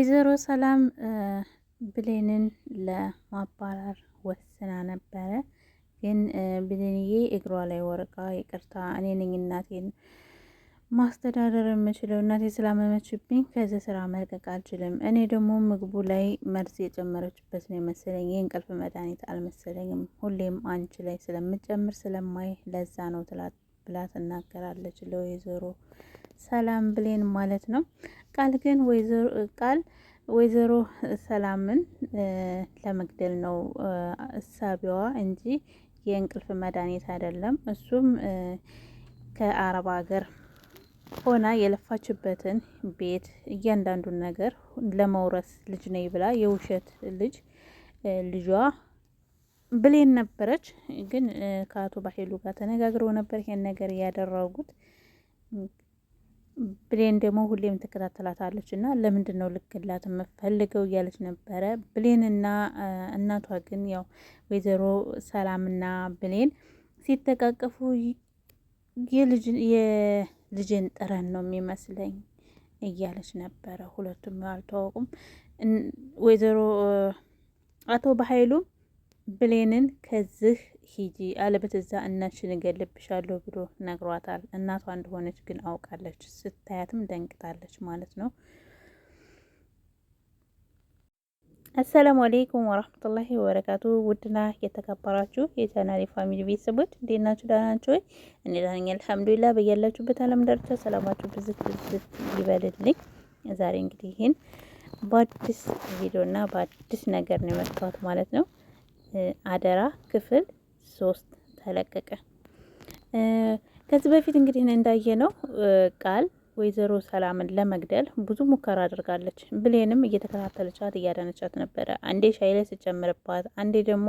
ወይዘሮ ሰላም ብሌንን ለማባረር ወስና ነበረ። ግን ብሌንዬ እግሯ ላይ ወርቃ ይቅርታ፣ እኔ ነኝ እናቴን ማስተዳደር የምችለው እናቴ ስላመመችብኝ ከዚህ ስራ መልቀቅ አልችልም። እኔ ደግሞ ምግቡ ላይ መርዝ የጨመረችበት ነው የመሰለኝ። የእንቅልፍ መድኃኒት አልመሰለኝም። ሁሌም አንቺ ላይ ስለምጨምር ስለማይ ለዛ ነው ብላ ትናገራለች ለወይዘሮ ሰላም ብሌን ማለት ነው። ቃል ግን ወይዘሮ ቃል ወይዘሮ ሰላምን ለመግደል ነው እሳቢዋ እንጂ የእንቅልፍ መድኃኒት አይደለም። እሱም ከአረብ ሀገር ሆና የለፋችበትን ቤት እያንዳንዱን ነገር ለመውረስ ልጅ ነኝ ብላ የውሸት ልጅ ልጇ ብሌን ነበረች። ግን ከአቶ ባሄሉ ጋር ተነጋግረው ነበር ይሄን ነገር ያደረጉት። ብሌን ደግሞ ሁሌም ትከታተላታለች እና ለምንድን ነው ልክላት የምፈልገው እያለች ነበረ። ብሌንና እናቷ ግን ያው ወይዘሮ ሰላምና ብሌን ሲተቃቀፉ የልጅን ጥረን ነው የሚመስለኝ እያለች ነበረ። ሁለቱም አልተዋወቁም። ወይዘሮ አቶ በሀይሉ ብሌንን ከዚህ ሂጂ አለበለዚያ እናትሽን እገልብሻለሁ ብሎ ነግሯታል። እናቷ እንደሆነች ግን አውቃለች። ስታያትም ደንግጣለች ማለት ነው። አሰላሙ አሌይኩም ወራህመቱላሂ ወበረካቱ። ውድና የተከበራችሁ የቻናል ፋሚሊ ቤተሰቦች እንዴት ናችሁ? ደህና ናችሁ ወይ? እኔ ደህና ነኝ አልሐምዱሊላህ። በያላችሁበት አለም ዳርቻ ሰላማችሁ ብዝት ብዝት ይበልልኝ። ዛሬ እንግዲህ ይህን በአዲስ ቪዲዮና በአዲስ ነገር ነው የመጣሁት ማለት ነው። አደራ ክፍል ሶስት ተለቀቀ። ከዚህ በፊት እንግዲህ እንዳየ ነው ቃል ወይዘሮ ሰላምን ለመግደል ብዙ ሙከራ አድርጋለች። ብሌንም እየተከታተለቻት እያዳነቻት ነበረ። አንዴ ሻይ ላይ ስጨምርባት፣ አንዴ ደግሞ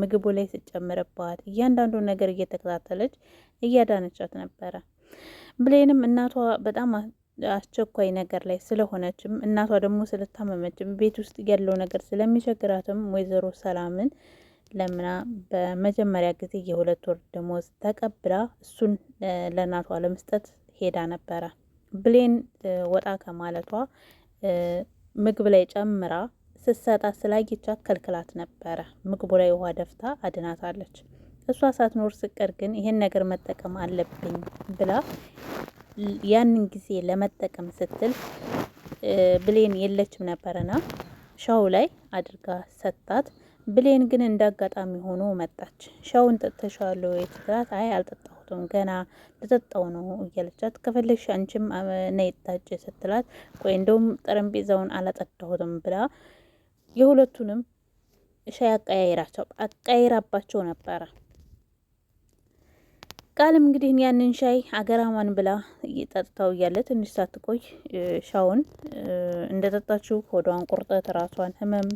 ምግቡ ላይ ስጨምርባት፣ እያንዳንዱ ነገር እየተከታተለች እያዳነቻት ነበረ። ብሌንም እናቷ በጣም አስቸኳይ ነገር ላይ ስለሆነችም እናቷ ደግሞ ስለታመመችም ቤት ውስጥ ያለው ነገር ስለሚቸግራትም ወይዘሮ ሰላምን ለምና በመጀመሪያ ጊዜ የሁለት ወር ደሞዝ ተቀብላ እሱን ለእናቷ ለመስጠት ሄዳ ነበረ። ብሌን ወጣ ከማለቷ ምግብ ላይ ጨምራ ስሰጣ ስላየቻ ከልክላት ነበረ። ምግቡ ላይ ውሃ ደፍታ አድናታለች። እሷ ሳትኖር ስቀር ግን ይሄን ነገር መጠቀም አለብኝ ብላ ያንን ጊዜ ለመጠቀም ስትል ብሌን የለችም ነበረና ሻው ላይ አድርጋ ሰጣት። ብሌን ግን እንደ አጋጣሚ ሆኖ መጣች። ሻውን ጠጥተሻዋል ወይ አይ አልጠጣሁትም ገና ልጠጣው ነው እያለቻት፣ ከፈለግሽ አንቺም ነይ ጠጪ ስትላት፣ ቆይ እንደውም ጠረጴዛውን አላጠጣሁትም ብላ የሁለቱንም ሻይ አቀያይራቸው አቀያይራባቸው ነበረ። ቃልም እንግዲህ ያንን ሻይ አገራማን ብላ ጠጥታው እያለ ትንሽ ሳትቆይ ሻውን እንደጠጣችው ሆዷን ቁርጠት፣ ራሷን ህመም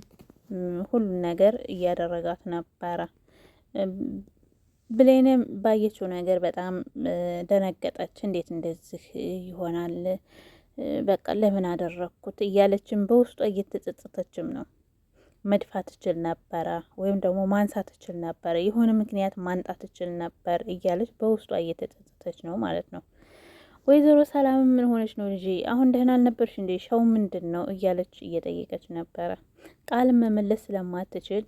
ሁሉን ነገር እያደረጋት ነበረ። ብሌንም ባየችው ነገር በጣም ደነገጠች። እንዴት እንደዚህ ይሆናል? በቃ ለምን አደረግኩት እያለችም በውስጧ እየተጸጸተችም ነው። መድፋት ትችል ነበረ፣ ወይም ደግሞ ማንሳት ትችል ነበረ፣ የሆነ ምክንያት ማንጣት ትችል ነበር እያለች በውስጧ እየተጸጸተች ነው ማለት ነው። ወይዘሮ ሰላም ምን ሆነች ነው ልጄ አሁን ደህና አልነበርሽ እንዴ ሻው ምንድን ነው እያለች እየጠየቀች ነበረ ቃል መመለስ ስለማትችል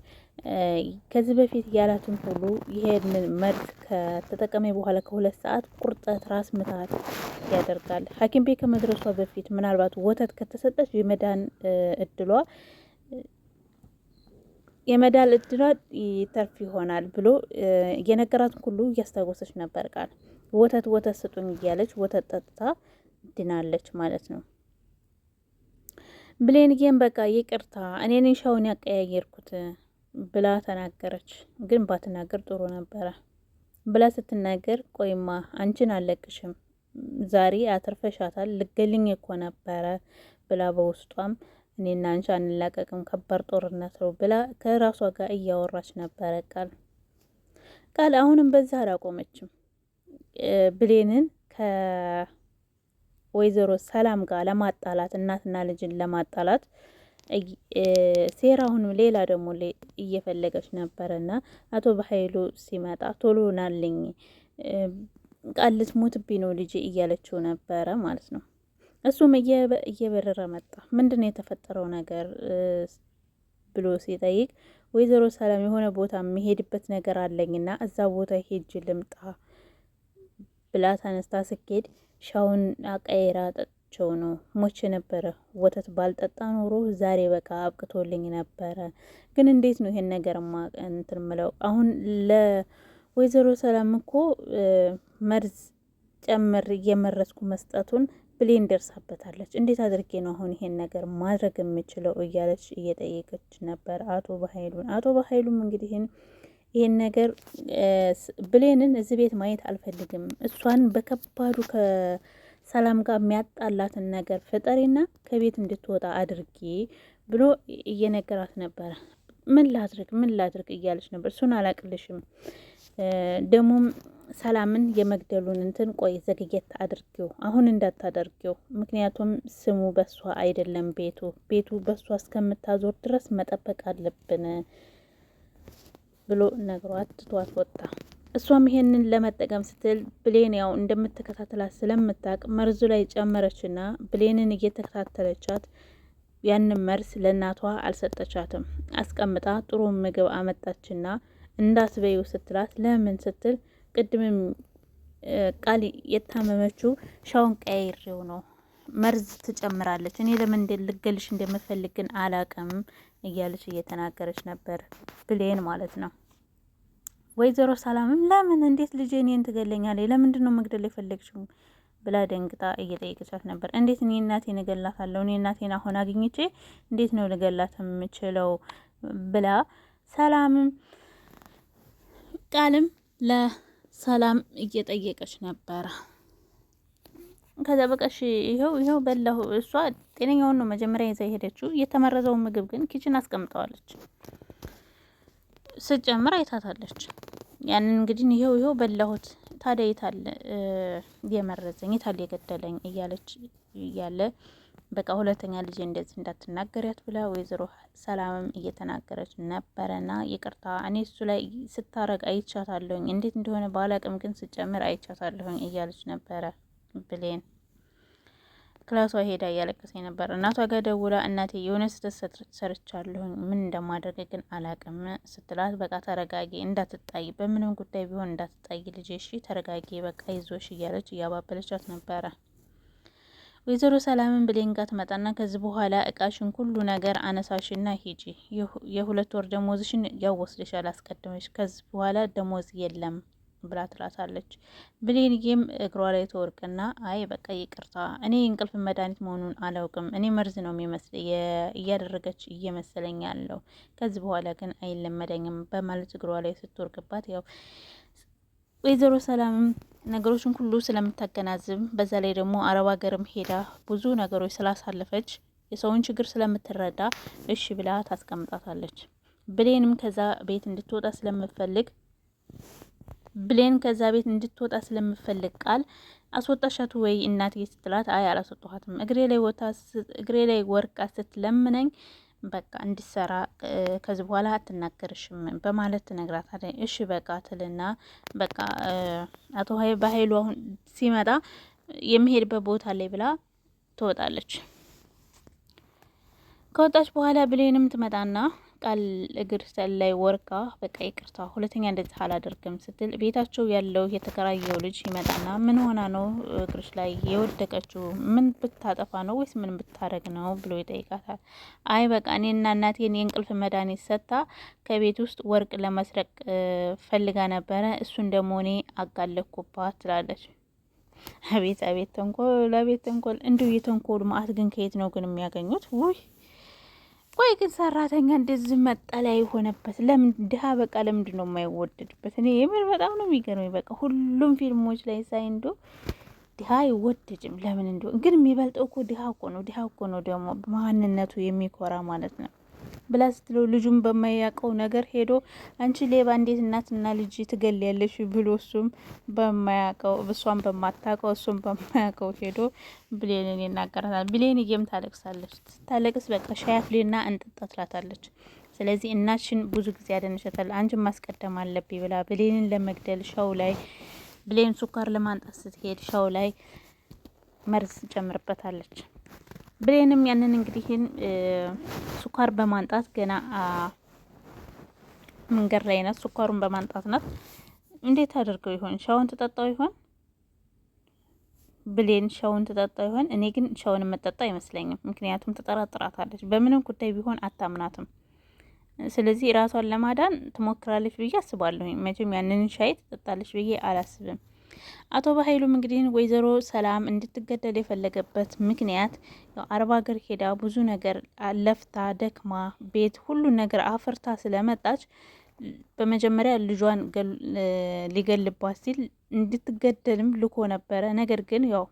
ከዚህ በፊት ያላትን ሁሉ ይሄንን መርዝ ከተጠቀመ በኋላ ከሁለት ሰዓት ቁርጠት ራስ ምታት ያደርጋል ሀኪም ቤት ከመድረሷ በፊት ምናልባት ወተት ከተሰጠች የመዳን እድሏ የመዳን እድሏ ይተርፍ ይሆናል ብሎ የነገራትን ሁሉ እያስታወሰች ነበር ቃል ወተት ወተት ስጡኝ እያለች ወተት ጠጥታ ድናለች ማለት ነው። ብሌንጌን በቃ ይቅርታ እኔን ሻውን ያቀያየርኩት ብላ ተናገረች። ግን ባትናገር ጥሩ ነበረ ብላ ስትናገር፣ ቆይማ አንቺን አለቅሽም ዛሬ አትርፈሻታል፣ ልገልኝ እኮ ነበረ ብላ በውስጧም እኔና አንቺ አንላቀቅም ከባድ ጦርነት ነው ብላ ከራሷ ጋር እያወራች ነበረ ቃል ቃል አሁንም በዛ አላቆመችም። ብሌንን ከወይዘሮ ሰላም ጋር ለማጣላት እናትና ልጅን ለማጣላት ሴራውንም ሌላ ደግሞ እየፈለገች ነበረና አቶ በሀይሉ ሲመጣ ቶሎ ናልኝ ቃል ልትሞትብኝ ነው ልጅ እያለችው ነበረ ማለት ነው። እሱም እየበረረ መጣ። ምንድን ነው የተፈጠረው ነገር ብሎ ሲጠይቅ ወይዘሮ ሰላም የሆነ ቦታ የሚሄድበት ነገር አለኝና እዛ ቦታ ሄጅ ልምጣ ብላ ተነስታ ስኬድ ሻውን አቀይራ ጠጥቸው ነው። ሞቼ ነበረ። ወተት ባልጠጣ ኖሮ ዛሬ በቃ አብቅቶልኝ ነበረ። ግን እንዴት ነው ይሄን ነገር እንትን ምለው? አሁን ለወይዘሮ ሰላም እኮ መርዝ ጨምር እየመረዝኩ መስጠቱን ብሌን ደርሳበታለች። እንዴት አድርጌ ነው አሁን ይሄን ነገር ማድረግ የምችለው? እያለች እየጠየቀች ነበር አቶ በሀይሉን። አቶ በሀይሉም እንግዲህ ይህን ነገር ብሌንን እዚህ ቤት ማየት አልፈልግም። እሷን በከባዱ ከሰላም ጋር የሚያጣላትን ነገር ፍጠሪና ከቤት እንድትወጣ አድርጊ ብሎ እየነገራት ነበረ። ምን ላድርግ ምን ላድርግ እያለች ነበር። እሱን አላቅልሽም፣ ደግሞም ሰላምን የመግደሉን እንትን ቆይ ዘግየት አድርጊው፣ አሁን እንዳታደርጊው። ምክንያቱም ስሙ በሷ አይደለም ቤቱ ቤቱ በሷ እስከምታዞር ድረስ መጠበቅ አለብን ብሎ ነግሯት ትቷት ወጣ። እሷም ይሄንን ለመጠቀም ስትል ብሌን ያው እንደምትከታተላት ስለምታቅ መርዙ ላይ ጨመረችና ብሌንን እየተከታተለቻት ያንን መርስ ለእናቷ አልሰጠቻትም። አስቀምጣ ጥሩ ምግብ አመጣችና እንዳትበዩ ስትላት ለምን ስትል ቅድምም ቃል የታመመችው ሻውን ቀያይሬው ነው መርዝ ትጨምራለች። እኔ ለምን ልገልሽ እንደምፈልግን አላቅም እያለች እየተናገረች ነበር ብሌን ማለት ነው። ወይዘሮ ሰላምም ለምን እንዴት ልጄ እኔን ትገለኛለች? ለምንድን ነው መግደል የፈለግችው ብላ ደንግጣ እየጠየቀቻት ነበር። እንዴት እኔ እናቴን እገላታለሁ? እኔ እናቴን አሁን አግኝቼ እንዴት ነው ልገላት የምችለው? ብላ ሰላምም ቃልም ለሰላም እየጠየቀች ነበር ከዛ በቀሽ ይኸው ይኸው በላሁ። እሷ ጤነኛውን ነው መጀመሪያ ይዛ የሄደችው። የተመረዘውን ምግብ ግን ኪችን አስቀምጠዋለች። ስጨምር አይታታለች። ያንን እንግዲህ ይኸው ይኸው በላሁት። ታዲያ የታለ የመረዘኝ የታለ የገደለኝ እያለች እያለ በቃ ሁለተኛ ልጅ እንደዚህ እንዳትናገሪያት ብላ ወይዘሮ ሰላምም እየተናገረች ነበረና ይቅርታ እኔ እሱ ላይ ስታረግ አይቻታለሁኝ። እንዴት እንደሆነ ባላቅም ግን ስጨምር አይቻታለሁኝ እያለች ነበረ። ብሌን ክላሷ ሄዳ እያለቀሰ ነበር። እናቷ ጋር ደውላ እናቴ የሆነ ስህተት ሰርቻለሁኝ ምን እንደማደርግ ግን አላቅም ስትላት፣ በቃ ተረጋጊ፣ እንዳትጣይ፣ በምንም ጉዳይ ቢሆን እንዳትጣይ ልጄ፣ እሺ ተረጋጊ፣ በቃ ይዞሽ እያለች እያባበለቻት ነበረ። ወይዘሮ ሰላምን ብሌን ጋር ትመጣና ከዚህ በኋላ እቃሽን ሁሉ ነገር አነሳሽና ሂጂ፣ የሁለት ወር ደሞዝሽን ያወስድሻል አስቀድመሽ፣ ከዚህ በኋላ ደሞዝ የለም ብላ ትላታለች። ብሌንዬም እግሯ ላይ ተወርቅና አይ በቃ ይቅርታ፣ እኔ እንቅልፍ መድኃኒት መሆኑን አላውቅም። እኔ መርዝ ነው እያደረገች እየመሰለኝ ያለው ከዚህ በኋላ ግን አይለመደኝም በማለት እግሯ ላይ ስትወርቅባት ያው ወይዘሮ ሰላምም ነገሮችን ሁሉ ስለምታገናዝብ በዛ ላይ ደግሞ አረብ ሀገርም ሄዳ ብዙ ነገሮች ስላሳለፈች የሰውን ችግር ስለምትረዳ እሺ ብላ ታስቀምጣታለች። ብሌንም ከዛ ቤት እንድትወጣ ስለምፈልግ ብሌን ከዛ ቤት እንድትወጣ ስለምፈልግ ቃል አስወጣሻት ወይ እናት ስትላት፣ አይ አላስወጣኋትም፣ እግሬ ላይ ወታ እግሬ ላይ ወርቃ ስትለምነኝ በቃ እንዲሰራ ከዚህ በኋላ አትናገርሽም በማለት ትነግራታለች። እሺ በቃ ትልና በቃ አቶ በሀይሉ አሁን ሲመጣ የሚሄድበት ቦታ ላይ ብላ ትወጣለች። ከወጣች በኋላ ብሌንም ትመጣና ቃል እግር ላይ ወርቃ በቃ ይቅርታ ሁለተኛ እንደዚህ አላደርግም ስትል ቤታቸው ያለው የተከራየው ልጅ ይመጣና ምን ሆና ነው እግርሽ ላይ የወደቀችው? ምን ብታጠፋ ነው ወይስ ምን ብታደረግ ነው ብሎ ይጠይቃታል። አይ በቃ እኔና እናቴን የእንቅልፍ መድኃኒት ሰጥታ ከቤት ውስጥ ወርቅ ለመስረቅ ፈልጋ ነበረ፣ እሱን ደግሞ እኔ አጋለኩባት ትላለች። አቤት አቤት ተንኮል አቤት ተንኮል! እንዲሁ የተንኮሉ ማአት ግን ከየት ነው ግን የሚያገኙት? ውይ ቆይ ግን ሰራተኛ እንደዚህ መጠለያ የሆነበት ለምን ድሀ በቃ ለምንድን ነው የማይወደድበት? እኔ የምር በጣም ነው የሚገርመኝ። በቃ ሁሉም ፊልሞች ላይ ሳይ እንዶ ድሀ አይወደድም። ለምን እንዲ ግን የሚበልጠው እኮ ድሀ እኮ ነው። ድሀ እኮ ነው ደግሞ ማንነቱ የሚኮራ ማለት ነው። ብላ ስትለው ልጁም በማያውቀው ነገር ሄዶ አንቺ ሌባ እንዴት እናትና ልጅ ትገልያለሽ ብሎ እሱም በማያውቀው እሷም በማታውቀው እሱም በማያውቀው ሄዶ ብሌንን ይናገራታል። ብሌን ጌም ታለቅሳለች። ስታለቅስ በቃ ሻያፍሌና እንጥጣ ትላታለች። ስለዚህ እናችን ብዙ ጊዜ ያደንሸታል። አንቺን ማስቀደም አለብኝ ብላ ብሌንን ለመግደል ሻው ላይ ብሌን ሱካር ለማንጣት ስትሄድ ሻው ላይ መርዝ ጨምርበታለች። ብሌንም ያንን እንግዲህ ስኳር በማንጣት ገና መንገድ ላይ ናት። ስኳሩን በማንጣት ናት። እንዴት አድርገው ይሆን? ሻውን ትጠጣው ይሆን? ብሌን ሻውን ትጠጣው ይሆን? እኔ ግን ሻውን የምጠጣ አይመስለኝም። ምክንያቱም ትጠራጥራታለች። በምንም ጉዳይ ቢሆን አታምናትም። ስለዚህ ራሷን ለማዳን ትሞክራለች ብዬ አስባለሁኝ። መቼም ያንን ሻይ ትጠጣለች ብዬ አላስብም። አቶ በሀይሉም እንግዲህ ወይዘሮ ሰላም እንድትገደል የፈለገበት ምክንያት አረብ ሀገር ሄዳ ብዙ ነገር ለፍታ ደክማ ቤት ሁሉ ነገር አፍርታ ስለመጣች በመጀመሪያ ልጇን ሊገልባት ሲል እንድትገደልም ልኮ ነበረ። ነገር ግን ያው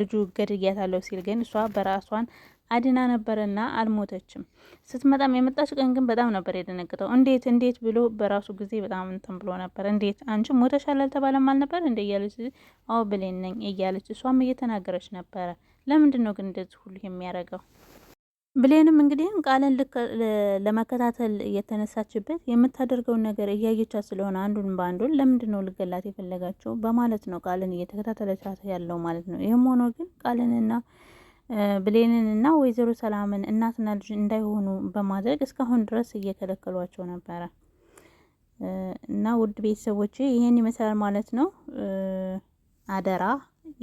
ልጁ ገድያታለሁ ሲል ግን እሷ በራሷን አድና ነበረና አልሞተችም። ስትመጣም የመጣች ቀን ግን በጣም ነበር የደነግጠው። እንዴት እንዴት ብሎ በራሱ ጊዜ በጣም እንትን ብሎ ነበር። እንዴት አንቺ ሞተሻል አልተባለም አልነበር እንደ እያለች አዎ ብሌን ነኝ እያለች እሷም እየተናገረች ነበረ። ለምንድን ነው ግን እንደዚህ ሁሉ የሚያደርገው? ብሌንም እንግዲህ ቃልን ለመከታተል የተነሳችበት የምታደርገውን ነገር እያየቻት ስለሆነ አንዱን በአንዱን ለምንድን ነው ልገላት የፈለጋቸው በማለት ነው ቃልን እየተከታተለቻት ያለው ማለት ነው። ይህም ሆኖ ግን ቃልንና ብሌንን እና ወይዘሮ ሰላምን እናትና ልጅ እንዳይሆኑ በማድረግ እስካሁን ድረስ እየከለከሏቸው ነበረ። እና ውድ ቤተሰቦች ይሄን ይመስላል ማለት ነው። አደራ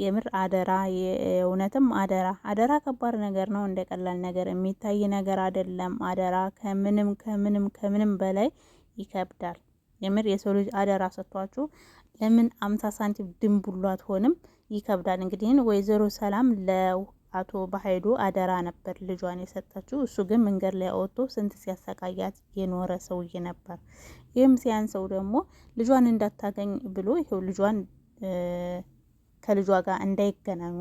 የምር አደራ፣ የእውነትም አደራ። አደራ ከባድ ነገር ነው፣ እንደ ቀላል ነገር የሚታይ ነገር አይደለም። አደራ ከምንም ከምንም ከምንም በላይ ይከብዳል። የምር የሰው ልጅ አደራ ሰጥቷችሁ ለምን አምሳ ሳንቲም ድንቡሉ አትሆንም? ይከብዳል። እንግዲህን ወይዘሮ ሰላም ለ አቶ ባሀይዱ አደራ ነበር ልጇን የሰጠችው። እሱ ግን መንገድ ላይ አወጥቶ ስንት ሲያሰቃያት የኖረ ሰውዬ ነበር። ይህም ሲያን ሰው ደግሞ ልጇን እንዳታገኝ ብሎ ይኸው ልጇን ከልጇ ጋር እንዳይገናኙ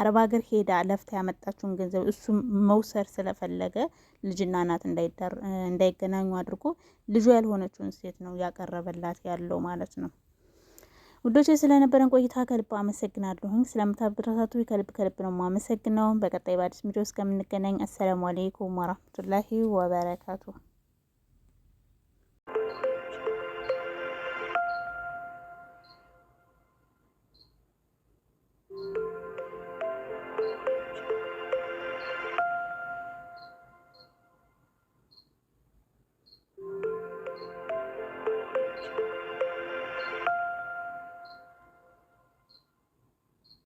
አረብ ሀገር ሄዳ ለፍታ ያመጣችውን ገንዘብ እሱ መውሰድ ስለፈለገ ልጅና እናት እንዳይገናኙ አድርጎ ልጇ ያልሆነችውን ሴት ነው ያቀረበላት ያለው ማለት ነው። ውዶች ስለነበረን ቆይታ ከልብ አመሰግናለሁ። ስለምታበረታቱ ከልብ ከልብ ነው የማመሰግነው። በቀጣይ በአዲስ ቪዲዮ እስከምንገናኝ አሰላሙ አሌይኩም ወራህመቱላሂ ወበረካቱ።